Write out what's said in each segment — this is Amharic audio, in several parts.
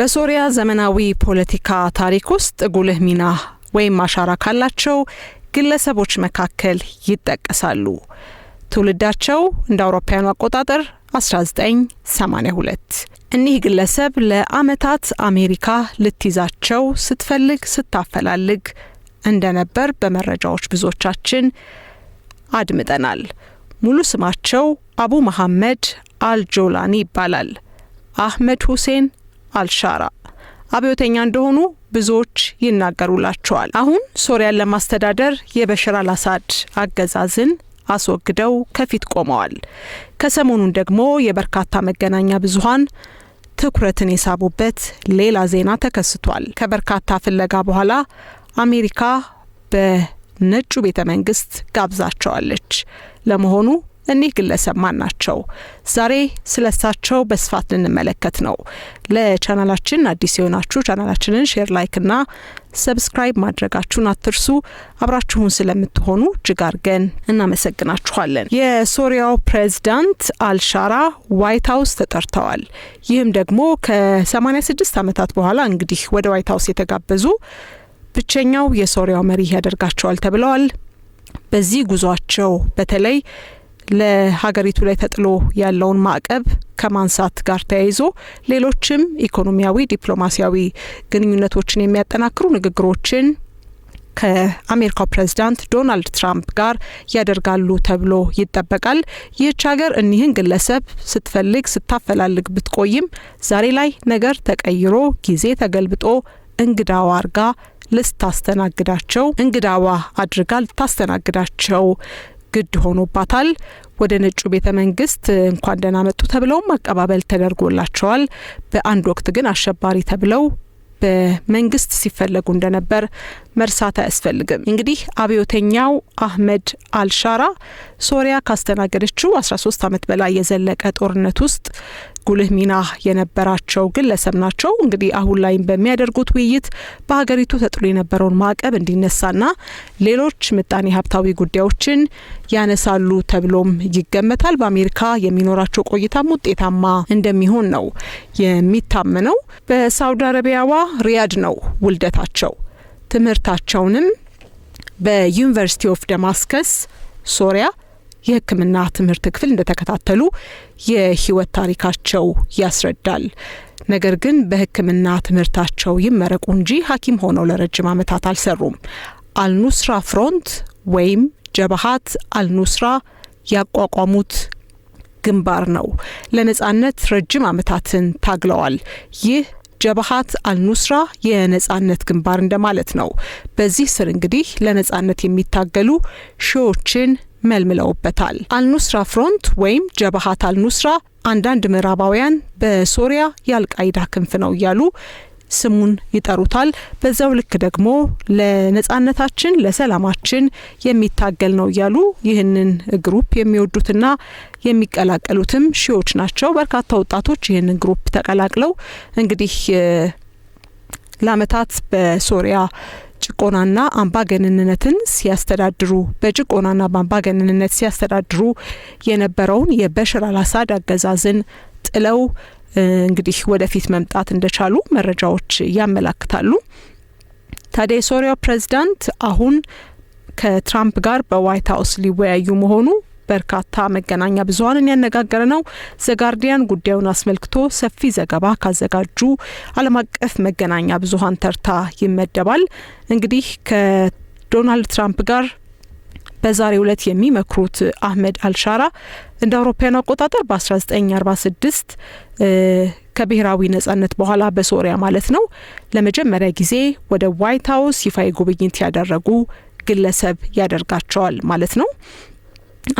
በሶሪያ ዘመናዊ ፖለቲካ ታሪክ ውስጥ ጉልህ ሚና ወይም አሻራ ካላቸው ግለሰቦች መካከል ይጠቀሳሉ። ትውልዳቸው እንደ አውሮፓውያኑ አቆጣጠር 1982። እኒህ ግለሰብ ለአመታት አሜሪካ ልትይዛቸው ስትፈልግ ስታፈላልግ እንደነበር በመረጃዎች ብዙዎቻችን አድምጠናል። ሙሉ ስማቸው አቡ መሐመድ አልጆላኒ ይባላል። አህመድ ሁሴን አልሻራ አብዮተኛ እንደሆኑ ብዙዎች ይናገሩላቸዋል። አሁን ሶሪያን ለማስተዳደር የበሽር አልአሳድ አገዛዝን አስወግደው ከፊት ቆመዋል። ከሰሞኑን ደግሞ የበርካታ መገናኛ ብዙሀን ትኩረትን የሳቡበት ሌላ ዜና ተከስቷል። ከበርካታ ፍለጋ በኋላ አሜሪካ በነጩ ቤተ መንግስት ጋብዛቸዋለች። ለመሆኑ እኒህ ግለሰብ ማን ናቸው? ዛሬ ስለሳቸው በስፋት ልንመለከት ነው። ለቻናላችን አዲስ የሆናችሁ ቻናላችንን ሼር፣ ላይክ ና ሰብስክራይብ ማድረጋችሁን አትርሱ። አብራችሁን ስለምትሆኑ እጅግ አርገን እናመሰግናችኋለን። የሶሪያው ፕሬዝዳንት አልሻራ ዋይት ሀውስ ተጠርተዋል። ይህም ደግሞ ከ86 ዓመታት በኋላ እንግዲህ ወደ ዋይት ሀውስ የተጋበዙ ብቸኛው የሶሪያው መሪ ያደርጋቸዋል ተብለዋል። በዚህ ጉዟቸው በተለይ ለሀገሪቱ ላይ ተጥሎ ያለውን ማዕቀብ ከማንሳት ጋር ተያይዞ ሌሎችም ኢኮኖሚያዊ፣ ዲፕሎማሲያዊ ግንኙነቶችን የሚያጠናክሩ ንግግሮችን ከአሜሪካው ፕሬዚዳንት ዶናልድ ትራምፕ ጋር ያደርጋሉ ተብሎ ይጠበቃል። ይህች ሀገር እኒህን ግለሰብ ስትፈልግ ስታፈላልግ ብትቆይም ዛሬ ላይ ነገር ተቀይሮ ጊዜ ተገልብጦ እንግዳዋ አርጋ ልስታስተናግዳቸው እንግዳዋ አድርጋ ልታስተናግዳቸው ግድ ሆኖባታል። ወደ ነጩ ቤተ መንግስት እንኳን ደህና መጡ ተብለውም አቀባበል ተደርጎላቸዋል። በአንድ ወቅት ግን አሸባሪ ተብለው በመንግስት ሲፈለጉ እንደነበር መርሳት አያስፈልግም። እንግዲህ አብዮተኛው አህመድ አልሻራ ሶሪያ ካስተናገደችው 13 አመት በላይ የዘለቀ ጦርነት ውስጥ ጉልህ ሚና የነበራቸው ግለሰብ ናቸው። እንግዲህ አሁን ላይም በሚያደርጉት ውይይት በሀገሪቱ ተጥሎ የነበረውን ማዕቀብ እንዲነሳና ሌሎች ምጣኔ ሀብታዊ ጉዳዮችን ያነሳሉ ተብሎም ይገመታል። በአሜሪካ የሚኖራቸው ቆይታም ውጤታማ እንደሚሆን ነው የሚታመነው። በሳውዲ አረቢያዋ ሪያድ ነው ውልደታቸው። ትምህርታቸውንም በዩኒቨርሲቲ ኦፍ ደማስከስ ሶሪያ የሕክምና ትምህርት ክፍል እንደተከታተሉ የህይወት ታሪካቸው ያስረዳል። ነገር ግን በሕክምና ትምህርታቸው ይመረቁ እንጂ ሐኪም ሆነው ለረጅም ዓመታት አልሰሩም። አልኑስራ ፍሮንት ወይም ጀባሃት አልኑስራ ያቋቋሙት ግንባር ነው። ለነጻነት ረጅም ዓመታትን ታግለዋል። ይህ ጀባሃት አልኑስራ የነጻነት ግንባር እንደማለት ነው። በዚህ ስር እንግዲህ ለነጻነት የሚታገሉ ሺዎችን መልምለውበታል። አልኑስራ ፍሮንት ወይም ጀባሃት አልኑስራ አንዳንድ ምዕራባውያን በሶሪያ የአልቃይዳ ክንፍ ነው እያሉ ስሙን ይጠሩታል። በዛው ልክ ደግሞ ለነጻነታችን፣ ለሰላማችን የሚታገል ነው እያሉ ይህንን ግሩፕ የሚወዱትና የሚቀላቀሉትም ሺዎች ናቸው። በርካታ ወጣቶች ይህንን ግሩፕ ተቀላቅለው እንግዲህ ለአመታት በሶሪያ ጭቆናና አምባገነንነትን ሲያስተዳድሩ በጭቆናና በአምባገነንነት ሲያስተዳድሩ የነበረውን የበሽር አላሳድ አገዛዝን ጥለው እንግዲህ ወደፊት መምጣት እንደቻሉ መረጃዎች ያመላክታሉ። ታዲያ የሶሪያው ፕሬዚዳንት አሁን ከትራምፕ ጋር በዋይት ሀውስ ሊወያዩ መሆኑ በርካታ መገናኛ ብዙሀንን ያነጋገረ ነው። ዘጋርዲያን ጉዳዩን አስመልክቶ ሰፊ ዘገባ ካዘጋጁ ዓለም አቀፍ መገናኛ ብዙሀን ተርታ ይመደባል። እንግዲህ ከዶናልድ ትራምፕ ጋር በዛሬው ዕለት የሚመክሩት አህመድ አልሻራ እንደ አውሮፓውያኑ አቆጣጠር በ1946 ከብሔራዊ ነጻነት በኋላ በሶሪያ ማለት ነው ለመጀመሪያ ጊዜ ወደ ዋይት ሀውስ ይፋዊ ጉብኝት ያደረጉ ግለሰብ ያደርጋቸዋል ማለት ነው።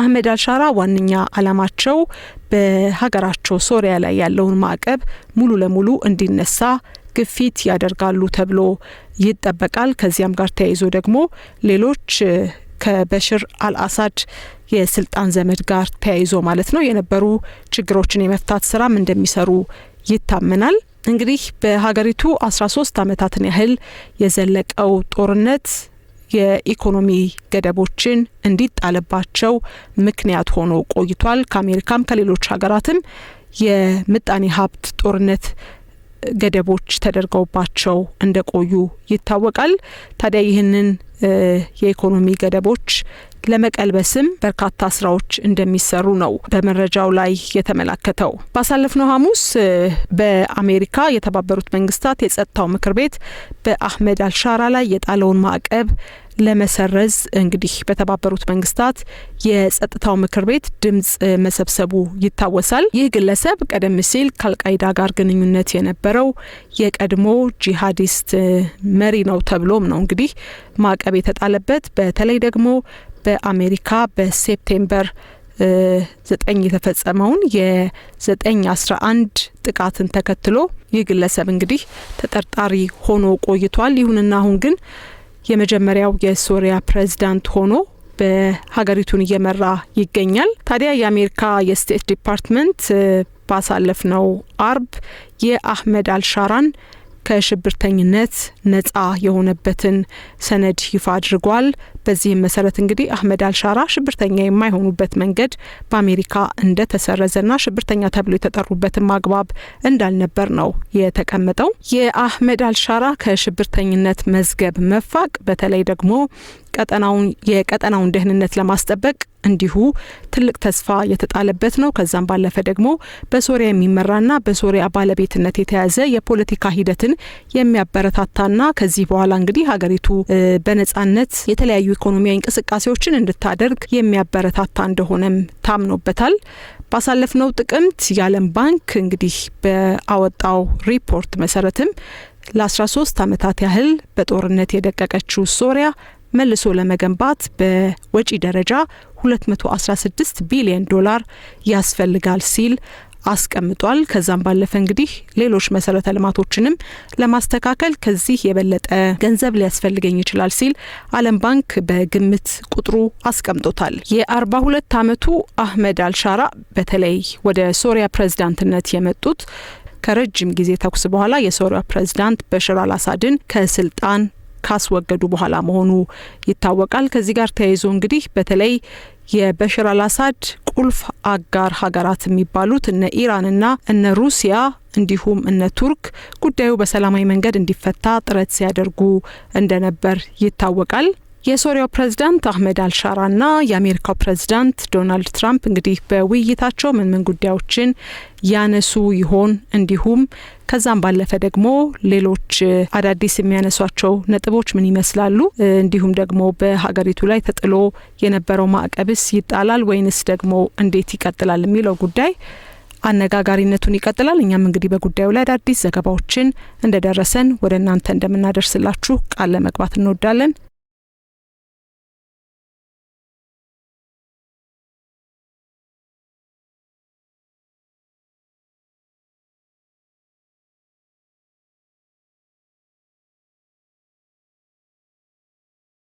አህመድ አልሻራ ዋነኛ አላማቸው በሀገራቸው ሶሪያ ላይ ያለውን ማዕቀብ ሙሉ ለሙሉ እንዲነሳ ግፊት ያደርጋሉ ተብሎ ይጠበቃል። ከዚያም ጋር ተያይዞ ደግሞ ሌሎች ከበሽር አልአሳድ የስልጣን ዘመድ ጋር ተያይዞ ማለት ነው የነበሩ ችግሮችን የመፍታት ስራም እንደሚሰሩ ይታመናል። እንግዲህ በሀገሪቱ አስራ ሶስት አመታትን ያህል የዘለቀው ጦርነት የኢኮኖሚ ገደቦችን እንዲጣልባቸው ምክንያት ሆኖ ቆይቷል። ከአሜሪካም ከሌሎች ሀገራትም የምጣኔ ሀብት ጦርነት ገደቦች ተደርገውባቸው እንደቆዩ ይታወቃል። ታዲያ ይህንን የኢኮኖሚ ገደቦች ለመቀልበስም በርካታ ስራዎች እንደሚሰሩ ነው በመረጃው ላይ የተመላከተው። ባሳለፍነው ሐሙስ በአሜሪካ የተባበሩት መንግስታት የጸጥታው ምክር ቤት በአህመድ አልሻራ ላይ የጣለውን ማዕቀብ ለመሰረዝ እንግዲህ በተባበሩት መንግስታት የጸጥታው ምክር ቤት ድምጽ መሰብሰቡ ይታወሳል። ይህ ግለሰብ ቀደም ሲል ከአልቃይዳ ጋር ግንኙነት የነበረው የቀድሞ ጂሃዲስት መሪ ነው ተብሎም ነው እንግዲህ ማዕቀብ የተጣለበት በተለይ ደግሞ በአሜሪካ በሴፕቴምበር ዘጠኝ የተፈጸመውን የዘጠኝ አስራ አንድ ጥቃትን ተከትሎ ይህ ግለሰብ እንግዲህ ተጠርጣሪ ሆኖ ቆይቷል። ይሁንና አሁን ግን የመጀመሪያው የሶሪያ ፕሬዚዳንት ሆኖ በሀገሪቱን እየመራ ይገኛል። ታዲያ የአሜሪካ የስቴት ዲፓርትመንት ባሳለፍነው አርብ የአህመድ አልሻራን ከሽብርተኝነት ነጻ የሆነበትን ሰነድ ይፋ አድርጓል። በዚህም መሰረት እንግዲህ አህመድ አልሻራ ሽብርተኛ የማይሆኑበት መንገድ በአሜሪካ እንደተሰረዘና ሽብርተኛ ተብሎ የተጠሩበትን አግባብ እንዳልነበር ነው የተቀመጠው። የአህመድ አልሻራ ከሽብርተኝነት መዝገብ መፋቅ በተለይ ደግሞ ቀጠናውን የቀጠናውን ደህንነት ለማስጠበቅ እንዲሁ ትልቅ ተስፋ የተጣለበት ነው። ከዛም ባለፈ ደግሞ በሶሪያ የሚመራና በሶሪያ ባለቤትነት የተያዘ የፖለቲካ ሂደትን የሚያበረታታና ከዚህ በኋላ እንግዲህ ሀገሪቱ በነጻነት የተለያዩ ኢኮኖሚያዊ እንቅስቃሴዎችን እንድታደርግ የሚያበረታታ እንደሆነም ታምኖበታል። ባሳለፍነው ጥቅምት የዓለም ባንክ እንግዲህ በአወጣው ሪፖርት መሰረትም ለ13 ዓመታት ያህል በጦርነት የደቀቀችው ሶሪያ መልሶ ለመገንባት በወጪ ደረጃ 216 ቢሊዮን ዶላር ያስፈልጋል ሲል አስቀምጧል። ከዛም ባለፈ እንግዲህ ሌሎች መሰረተ ልማቶችንም ለማስተካከል ከዚህ የበለጠ ገንዘብ ሊያስፈልገኝ ይችላል ሲል ዓለም ባንክ በግምት ቁጥሩ አስቀምጦታል። የአርባ ሁለት ዓመቱ አህመድ አልሻራ በተለይ ወደ ሶሪያ ፕሬዝዳንትነት የመጡት ከረጅም ጊዜ ተኩስ በኋላ የሶሪያ ፕሬዝዳንት በሽር አልአሳድን ከስልጣን ካስወገዱ በኋላ መሆኑ ይታወቃል። ከዚህ ጋር ተያይዞ እንግዲህ በተለይ የበሽር አልአሳድ ቁልፍ አጋር ሀገራት የሚባሉት እነ ኢራንና እነ ሩሲያ እንዲሁም እነ ቱርክ ጉዳዩ በሰላማዊ መንገድ እንዲፈታ ጥረት ሲያደርጉ እንደነበር ይታወቃል። የሶሪያው ፕሬዝዳንት አህመድ አልሻራ እና የአሜሪካው ፕሬዝዳንት ዶናልድ ትራምፕ እንግዲህ በውይይታቸው ምን ምን ጉዳዮችን ያነሱ ይሆን እንዲሁም ከዛም ባለፈ ደግሞ ሌሎች አዳዲስ የሚያነሷቸው ነጥቦች ምን ይመስላሉ? እንዲሁም ደግሞ በሀገሪቱ ላይ ተጥሎ የነበረው ማዕቀብስ ይጣላል ወይንስ ደግሞ እንዴት ይቀጥላል የሚለው ጉዳይ አነጋጋሪነቱን ይቀጥላል። እኛም እንግዲህ በጉዳዩ ላይ አዳዲስ ዘገባዎችን እንደደረሰን ወደ እናንተ እንደምናደርስላችሁ ቃል ለመግባት እንወዳለን።